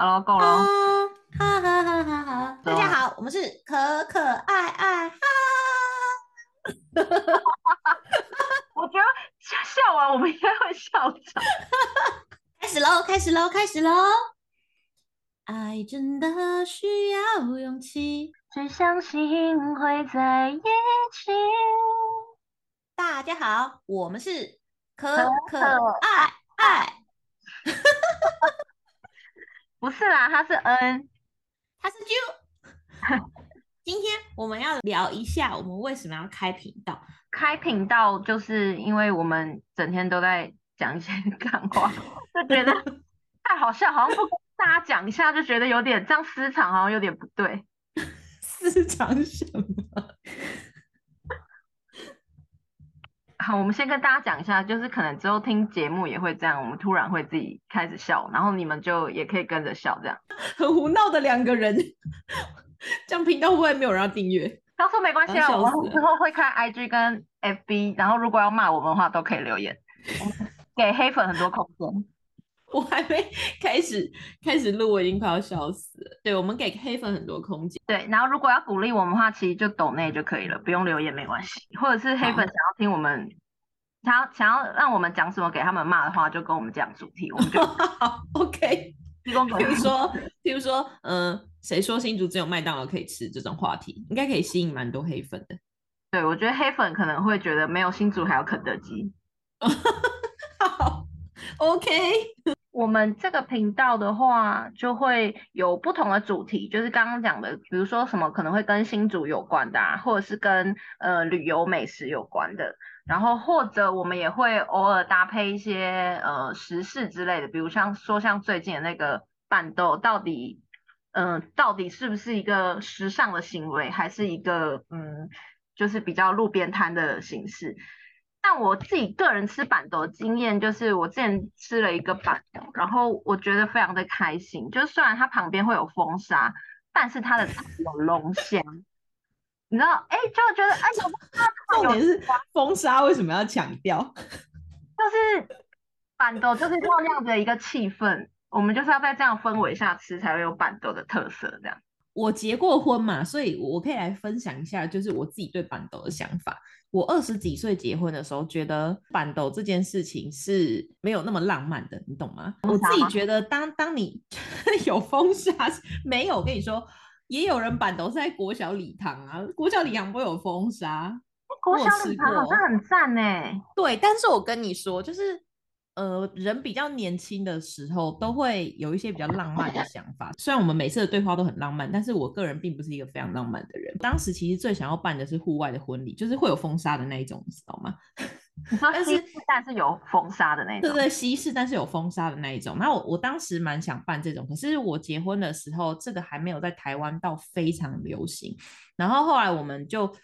Hello，夠囉，好好好好好，大家好，我們是可可愛愛，哈哈哈哈哈哈哈哈我覺得笑笑完我們應該會笑的， 開始嘍，開始嘍，開始嘍，愛真的需要勇氣，只相信會在一起。大家好，我們是可可，可愛愛。啊不是啦，他是 N，他是、J、U。 今天我們要聊一下，我們為什麼要開頻道？開頻道就是因為我們整天都在講一些乾話， 就覺得太、哎、好笑，好像不跟大家講一下就覺得有點這樣私藏，好像有點不對。 私藏什麼？好，我們先跟大家講一下，就是可能之後聽節目也會這樣，我們突然會自己開始笑，然後你們就也可以跟着笑，這樣很胡鬧的兩個人。這樣頻道會不會沒有人要訂閱？他說沒關係啊，我們之後會開 IG 跟 FB，然後如果要罵我們的話，都可以留言，給黑粉很多空間。 我還沒開始開始錄，我已經快要笑死了。對，我們給黑粉很多空間。對，然後如果要鼓勵我們的話，其實就鬥內就可以了，不用留言沒關係。或者是黑粉想要聽我們，好想要想要讓我們講什麼給他們罵的話，就跟我們講主題，我們就 OK。 比如說，譬如說，嗯，誰說新竹只有麥當勞可以吃？這種話題應該可以吸引蠻多黑粉的。對，我覺得黑粉可能會覺得沒有，新竹還有肯德基。 OK。我們這個頻道的話，就會有不同的主題，就是剛剛講的，比如說什麼可能會跟星座有關的、啊，或者是跟呃旅遊美食有關的，然後或者我們也會偶爾搭配一些呃時事之類的，比如像說像最近的那個辦桌到底，嗯、呃，到底是不是一個時尚的行為，還是一個嗯，就是比較路邊攤的形式。但我自己個人吃辦桌的經驗就是，我之前吃了一個辦桌，然後我覺得非常的開心。就是雖然它旁邊會有風沙，但是它的菜有龍蝦， 你知道？哎、欸，就覺得哎，欸、有重點是風沙為什麼要強調？就是辦桌就是要那樣，這樣的一個氣氛， 我們就是要在這樣氛圍下吃，才會有辦桌的特色這樣。我結過婚嘛，所以我可以來分享一下，就是我自己對辦桌的想法。我二十幾歲結婚的時候，覺得辦桌這件事情是沒有那麼浪漫的，你懂嗎？啊、我自己覺得當，當當你呵呵有風沙沒有，我跟你說，也有人辦桌是在國小禮堂啊，國小禮堂不會有風沙。國小禮堂好像很讚呢、欸。對，但是我跟你說，就是。呃，人比較年輕的時候都會有一些比較浪漫的想法。雖然我們每次的對話都很浪漫，但是我個人並不是一個非常浪漫的人。當時其實最想要辦的是戶外的婚禮，就是會有風沙的那一種，你知道嗎？你說西式，但是但是有風沙的那種，對，對對，西式但是有風沙的那一種。那我我當時蠻想辦這種，可是我結婚的時候這個還沒有在台灣到非常流行。然後後來我們就。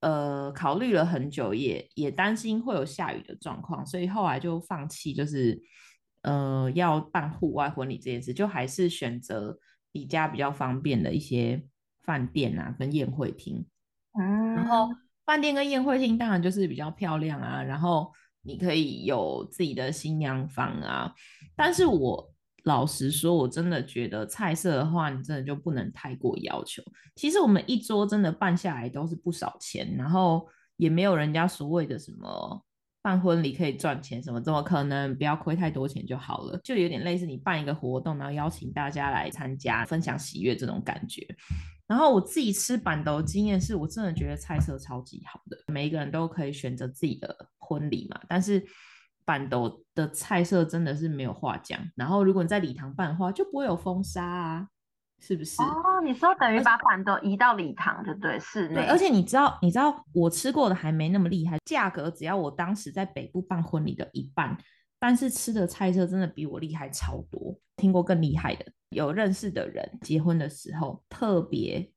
呃，考慮了很久也，也也擔心會有下雨的狀況，所以後來就放棄，就是呃要辦戶外婚禮這件事，就還是選擇離家比較方便的一些飯店啊，跟宴會廳。嗯、啊，然後飯店跟宴會廳當然就是比較漂亮啊，然後你可以有自己的新娘房啊，但是我。老實說，我真的覺得菜色的話，你真的就不能太過要求。其實我們一桌真的辦下來都是不少錢，然後也沒有人家所謂的什麼辦婚禮可以賺錢什麼，怎麼可能？不要虧太多錢就好了，就有點類似你辦一個活動，然後邀請大家來參加，分享喜悅這種感覺。然後我自己吃辦桌的經驗是，我真的覺得菜色超級好的，每一個人都可以選擇自己的婚禮嘛，但是。辦桌的菜色真的是沒有話講，然後如果你在禮堂辦的話就不會有風沙啊，是不是？哦，你說等於把辦桌移到禮堂對，對不對？室內。對，而且你知道，你知道我吃過的還沒那麼厲害，價格只要我當時在北部辦婚禮的一半，但是吃的菜色真的比我厲害超多。聽過更厲害的，有認識的人結婚的時候特別。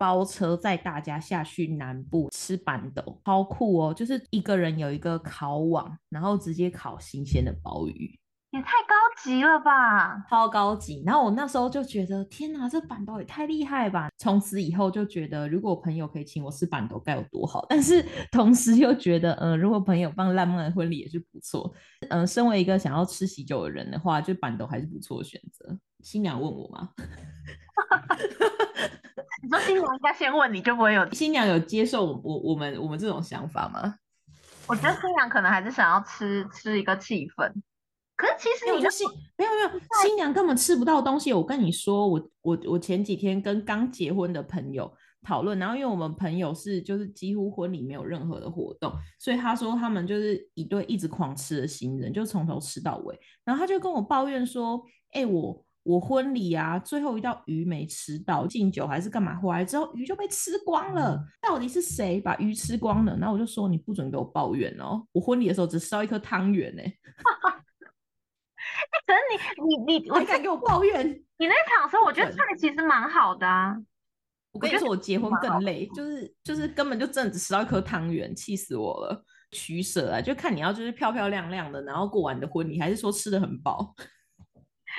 包車載大家下去南部吃辦桌，超酷哦！就是一個人有一個烤網，然後直接烤新鮮的鮑魚，也太高級了吧！超高級。然後我那時候就覺得，天哪、啊，這辦桌也太厲害吧！從此以後就覺得，如果朋友可以請我吃辦桌，該有多好。但是同時又覺得，嗯、呃，如果朋友辦浪漫的婚禮也是不錯。嗯、呃，身為一個想要吃喜酒的人的話，就辦桌還是不錯的選擇。新娘問我嗎？ 你說新娘應該先問，你就不會有新娘有接受我我，我們我們這種想法嗎？我覺得新娘可能還是想要吃吃一個氣氛，可是其實你、欸、我就新沒有沒有太新娘根本吃不到東西。我跟你說，我我我前幾天跟剛結婚的朋友討論，然後因為我們朋友是就是幾乎婚禮沒有任何的活動，所以他說他們就是一對一直狂吃的新人，就從頭吃到尾，然後他就跟我抱怨說，哎、欸、我。我婚禮啊，最後一道魚沒吃到，敬酒還是幹嘛？回來之後魚就被吃光了，到底是誰把魚吃光了？那我就說你不准給我抱怨哦。我婚禮的時候只吃到一顆湯圓呢。哈哈，可是你你你，你，你還敢給我抱怨？你那場時候我覺得菜其實蠻好的啊。我跟你說，我結婚更累，就是就是根本就真的只吃到一顆湯圓，氣死我了。取舍啊，就看你要就是漂漂亮亮的，然後過完的婚禮，還是說吃得很飽。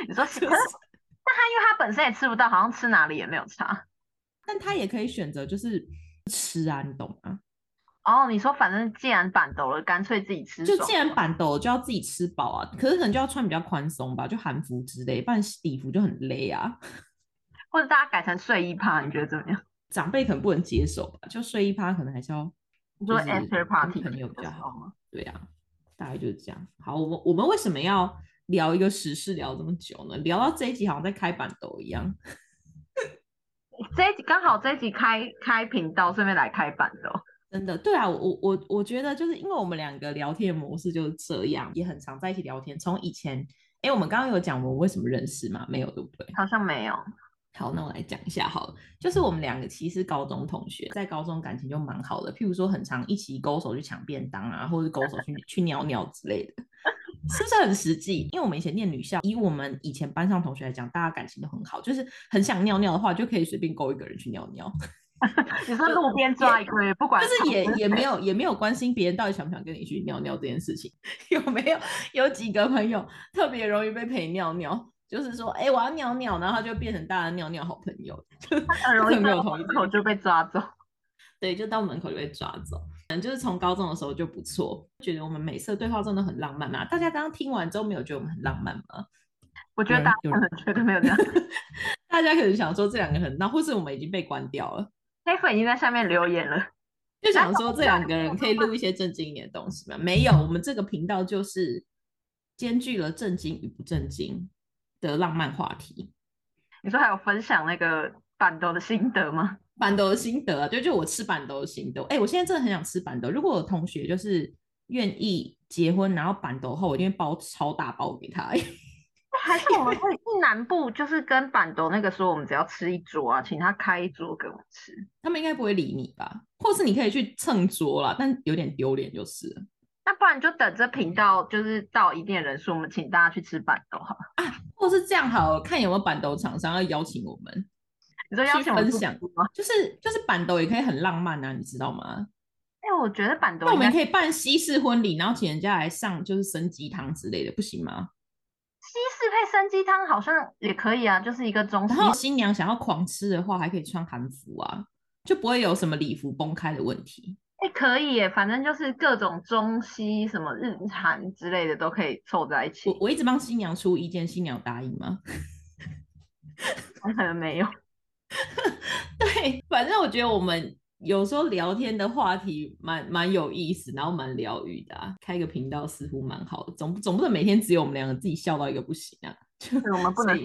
你說什麼？是不是，但他因為他本身也吃不到，好像吃哪裡也沒有差。但他也可以選擇就是吃啊，你懂嗎、啊？哦，oh, 你說反正既然辦桌了，乾脆自己吃。就既然辦桌了，就要自己吃飽啊。可是可能就要穿比較寬鬆吧，就韓服之類，不然禮服就很累啊。或者大家改成睡衣趴，你覺得怎麼樣？長輩可能不能接受吧，就睡衣趴可能還是要。你說 a n t w e r party 友比較好嗎？對呀、啊，大概就是這樣。好，我們我們為什麼要？聊一個時事聊這麼久呢？聊到這一集好像在開板抖一樣。 這一集剛好這一集開開頻道，順便來開板抖。真的，對啊，我我我覺得就是因為我們兩個聊天模式就是這樣，也很常在一起聊天。從以前，哎，我們剛剛有講我們為什麼認識嗎？沒有，對不對？好像沒有。好，那我來講一下好了。就是我們兩個其實高中同學，在高中感情就蠻好的，譬如說很常一起勾手去搶便當啊，或者勾手去 去尿尿之類的。是不是很實際？因為我們以前念女校，以我們以前班上同學來講，大家感情都很好，就是很想尿尿的話，就可以隨便勾一個人去尿尿。 你說路邊抓一個也不管 就是也 就是也，也沒有也沒有關心別人到底想不想跟你去尿尿這件事情， 有沒有？有幾個朋友特別容易被陪尿尿，就是說，哎、欸，我要尿尿，然後他就變成大家尿尿好朋友，很 容易門口就被抓走。 對，就到門口就被抓走。就是從高中的時候就不錯，覺得我們每次對話真的很浪漫嘛、啊。大家剛剛聽完之後，沒有覺得我們很浪漫嗎？我覺得大家可能、嗯、覺得沒有這樣。 大家可能想說這兩個人，那或是我們已經被關掉了。黑粉已經在下面留言了，就想說這兩個人可以錄一些正經一點的東西嗎？有有沒有，我們這個頻道就是兼具了正經與不正經的浪漫話題。你說還有分享那個辦桌的心得嗎？辦桌心、啊、心得，對，就我吃辦桌心得。哎，我現在真的很想吃辦桌。如果有同學就是願意結婚，然後辦桌後，我一定會包超大包給他，欸。還是我們會去南部，就是跟辦桌那個時候，我們只要吃一桌啊，請他開一桌給我們吃。他們應該不會理你吧？或是你可以去蹭桌啦，但有點丟臉就是。那不然就等這頻道就是到一定的人數，我們請大家去吃辦桌吧，啊，或是這樣好，看有沒有辦桌廠商要邀請我們。你要嗎去分享，就是就是辦桌也可以很浪漫啊，你知道嗎？哎、欸，我覺得辦桌。那我們可以辦西式婚禮，然後請人家來上就是參雞湯之類的，不行嗎？西式配參雞湯好像也可以啊，就是一個中西。然後新娘想要狂吃的話，還可以穿韓服啊，就不會有什麼禮服崩開的問題。哎、欸，可以耶，反正就是各種中西什麼日韓之類的都可以湊在一起。我我一直幫新娘出意見，新娘答應嗎？我可能沒有。 對，反正我覺得我們有時候聊天的話題蠻蠻有意思，然後蠻療癒的啊。開個頻道似乎蠻好的，總總不能每天只有我們兩個自己笑到一個不行啊。就是我們不能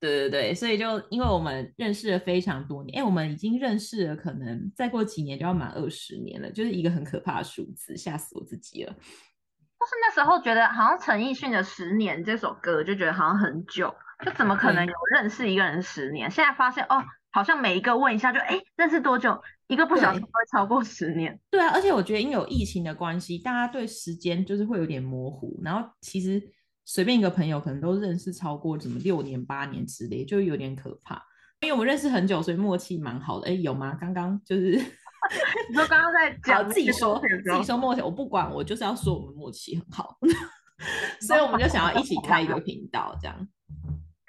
對對對，所以就因為我們認識了非常多年，哎，我們已經認識了，可能再過幾年就要滿二十年了，就是一個很可怕的數字，嚇死我自己了。但是那時候覺得好像陳奕迅的《十年》這首歌，就覺得好像很久。就怎麼可能有認識一個人十年？對現在發現哦，好像每一個問一下就哎，認識多久？一個不小心會超過十年。對啊，而且我覺得因為有疫情的關係，大家對時間就是會有點模糊。然後其實隨便一個朋友可能都認識超過什麼六年、八年之類，就有點可怕。因為我們認識很久，所以默契蠻好的。哎，有嗎？剛剛就是 你說剛剛在講好自己說自己說默契，我不管，我就是要說我們默契很好。 所以我們就想要一起開一個頻道，這樣。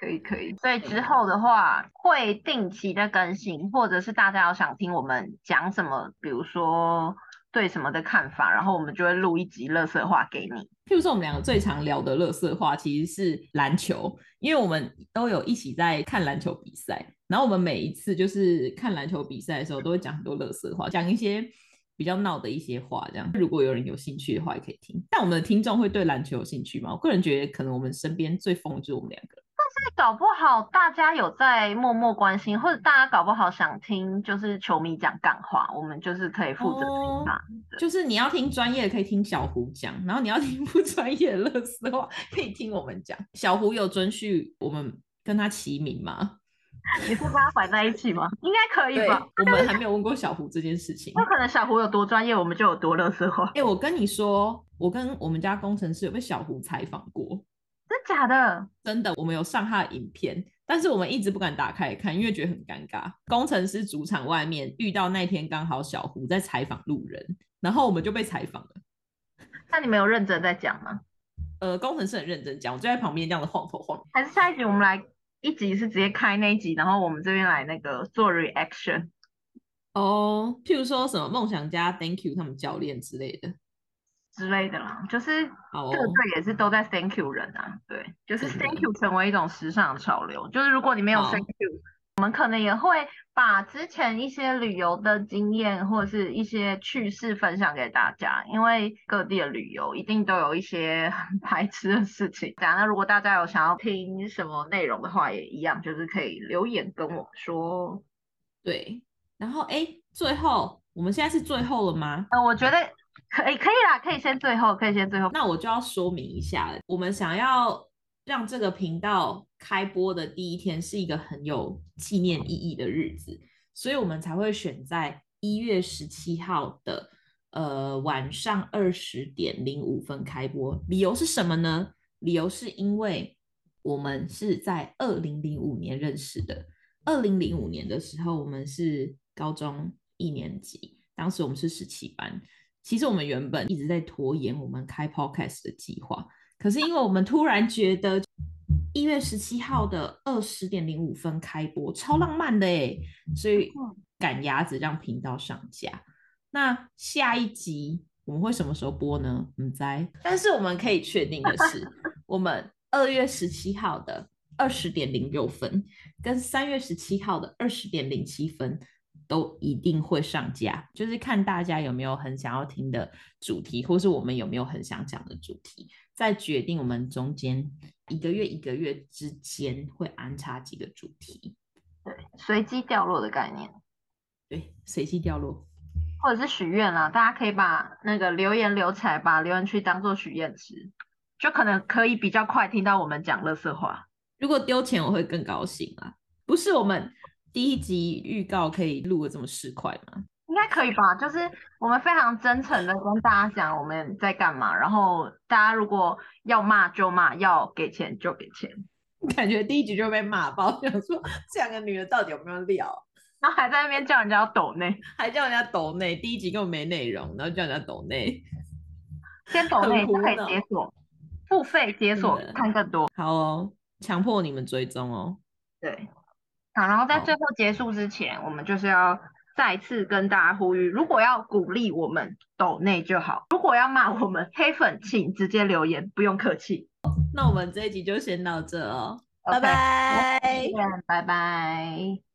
可以可以，所以之後的話會定期的更新，或者是大家有想聽我們講什麼，比如說對什麼的看法，然後我們就會錄一集垃圾話給你。譬如說我們兩個最常聊的垃圾話其實是籃球，因為我們都有一起在看籃球比賽，然後我們每一次就是看籃球比賽的時候都會講很多垃圾話，講一些比較鬧的一些話。這樣如果有人有興趣的話也可以聽，但我們的聽眾會對籃球有興趣嗎？我個人覺得可能我們身邊最瘋的就是我們兩個。是搞不好大家有在默默關心，或者大家搞不好想聽就是球迷講幹話，我們就是可以負責聽嘛、哦、對就是你要聽專業的可以聽小胡講，然後你要聽不專業的樂色話可以聽我們講。小胡有准許我們跟他齊名嗎？你是跟他擺在一起嗎？ 應該可以吧？對 我們還沒有問過小胡這件事情。不可能，小胡有多專業我們就有多樂色話。因、欸、我跟你說，我跟我們家工程師有被小胡採訪過。真的假的？真的，我們有上他的影片，但是我們一直不敢打開看，因為覺得很尷尬。工程師主場外面遇到那天剛好小胡在採訪路人，然後我們就被採訪了。那你們有認真在講嗎？呃，工程師很認真講，我就在旁邊這樣子晃頭晃晃。還是下一集我們來一集是直接開那一集，然後我們這邊來那個做 reaction 哦，oh, 譬如說什麼夢想家，thank you 他們教練之類的。之類的啦，就是各個也是都在 thank you 人啊，oh. 對，就是 thank you 成為一種時尚潮流。就是如果你沒有 thank you，oh. 我們可能也會把之前一些旅遊的經驗或者是一些趣事分享給大家，因為各地的旅遊一定都有一些很排斥的事情。當然，如果大家有想要聽什麼內容的話，也一樣，就是可以留言跟我說。對，然後哎、欸，最後我們現在是最後了嗎？呃、我覺得。可以，可以啦，可以先最後，可以先最後。那我就要說明一下，我們想要讓這個頻道開播的第一天是一個很有紀念意義的日子，所以我們才會選在一月十七號的呃晚上二十點零五分開播。理由是什麼呢？理由是因為我們是在二零零五年認識的，二零零五年的時候我們是高中一年級，當時我們是十七班。其實我們原本一直在拖延我們開 Podcast 的計劃，可是因為我們突然覺得一月十七號的二十點零五分開播超浪漫的耶，所以趕鴨子讓頻道上架。那下一集我們會什麼時候播呢？我們但是我們可以確定的是， 我們二月十七號的二十點零六分，跟三月十七號的二十點零七分。都一定會上架，就是看大家有沒有很想要聽的主題，或是我們有沒有很想講的主題，再決定我們中間一個月一個月之間會安插幾個主題。對，隨機掉落的概念。對，隨機掉落，或者是許願啦。大家可以把那個留言留起來，把留言區當做許願池，就可能可以比較快聽到我們講垃圾話。如果丟錢，我會更高興啊！不是我們。第一集預告可以錄得這麼十塊嗎？應該可以吧，就是我們非常真誠的跟大家講我們在幹嘛，然後大家如果要罵就罵，要給錢就給錢。感覺第一集就被罵爆，想說這兩個女的到底有沒有料？然後還在那邊叫人家抖內，還叫人家抖內。第一集根本沒內容，然後叫人家抖內。先抖內，就可以解鎖付費解鎖的看更多。好哦，強迫你們追蹤哦。對。好，然後在最後結束之前，哦、我們就是要再次跟大家呼籲：如果要鼓勵我們斗內就好；如果要罵我們黑粉，請直接留言，不用客氣。那我們這一集就先到這哦 Okay, bye bye，拜拜，拜拜。